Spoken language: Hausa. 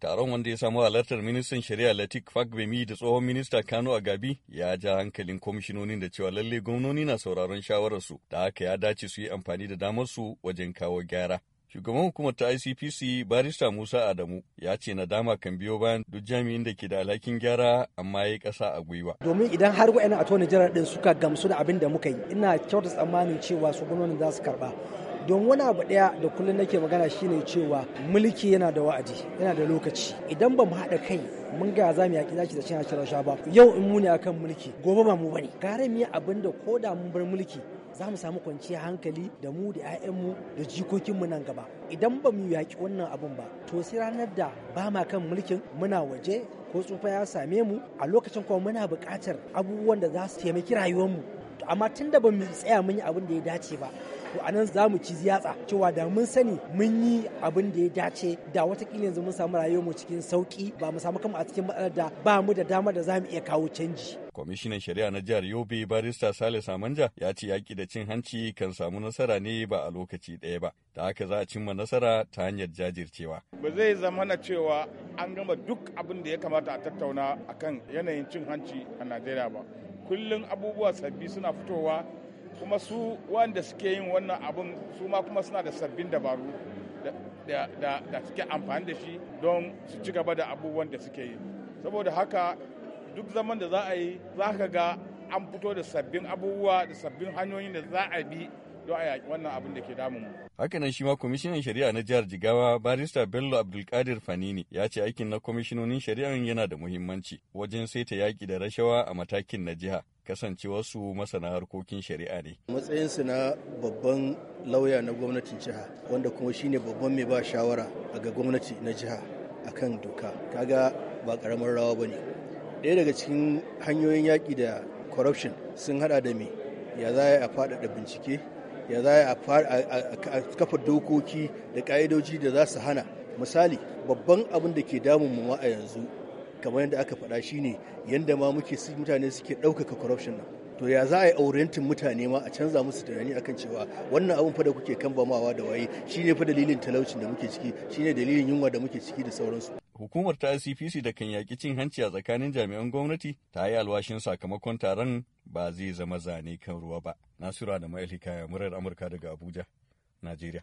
Taron wanda ya samu halartar ministan shari'a Latik Fagbemi da tsohon minista Kano Agabi ya ja hankalin kwamishinonin da cewa lalle gwamnoni na sauraron shawararsu da haka ya dace su yi amfani da damar su wajen kawo gyara. Shugaban hukumar ta ICPC barista Musa Adamu ya ce na dama kan biyo bayan duk jami'in da ke da alhakin gyara amma ya yi ƙasa a gwiwa. Domin idan har a tona general din suka gamsu da abin da muka yi ina kyautar tsammanin cewa su gwamnoni za su karba. don wani abu daya da kullum nake magana shine cewa mulki yana da wa'adi yana da lokaci idan ba mu haɗa kai mun ga za mu yaƙi zaki da cin rasha ba yau in muni akan mulki gobe ba mu bane gara mu yi abin da ko da mun bar mulki za mu samu kwanciyar hankali da mu da mu da jikokinmu nan gaba idan ba mu yaƙi wannan abun ba to sai ranar da ba ma kan mulkin muna waje ko tsufa ya same mu a lokacin kuma muna buƙatar abubuwan da za su taimaki rayuwarmu amma tun da ba mu tsaya mun yi abin da ya dace ba to anan za mu ci ziyatsa cewa da mun sani mun yi abin da ya dace da watakila yanzu mun samu rayuwar mu cikin sauki ba mu samu kama a cikin matsalar da ba mu da damar da za mu iya kawo canji kwamishinan shari'a na jihar yobe barista sale samanja ya ce yaƙi da cin hanci kan samu nasara ne ba a lokaci ɗaya ba da haka za a cimma nasara ta hanyar jajircewa ba zai zama na cewa an gama duk abin da ya kamata a tattauna akan yanayin cin hanci a najeriya ba kullum abubuwa sabbi suna fitowa kuma su wanda suke yin wannan abun su ma kuma suna da sabbin dabaru da suke amfani da shi don su ci gaba da abubuwan da suke yi saboda haka duk zaman da za a yi za ka ga an fito da sabbin abubuwa da sabbin hanyoyin da za a bi don a yaƙi wannan abin da ke damun mu. Hakanan shi ma kwamishinan shari'a na jihar Jigawa barista Bello Abdulkadir Fanini ya ce aikin na kwamishinonin shari'an yana da muhimmanci wajen saita yaƙi da rashawa a matakin na jiha kasancewarsu masana harkokin shari'a ne. Matsayinsu na babban lauya na gwamnatin jiha wanda kuma shine babban mai ba shawara ga gwamnati na jiha a kan doka kaga ba karamar rawa ba ne Ɗaya daga cikin hanyoyin yaƙi da corruption sun hada da me ya za a faɗaɗa bincike ya za a kafa dokoki da ka'idoji da za su hana misali babban abin da ke damun mu a yanzu kamar yadda aka faɗa shi ne yadda ma muke mutane suke ɗaukaka corruption nan to ya za a yi aurentin mutane ma a canza musu tunani akan cewa wannan abin fa da kuke bamawa da waye shine fa dalilin talaucin da muke ciki shine dalilin yunwa da muke ciki da sauransu hukumar ta CPC da kan yaƙi cin hanci a tsakanin jami'an gwamnati ta yi alwashin sakamakon taron ba zai zama zane kan ruwa ba. Nasiru da Ma'ilika ya murar Amurka daga Abuja, Najeriya.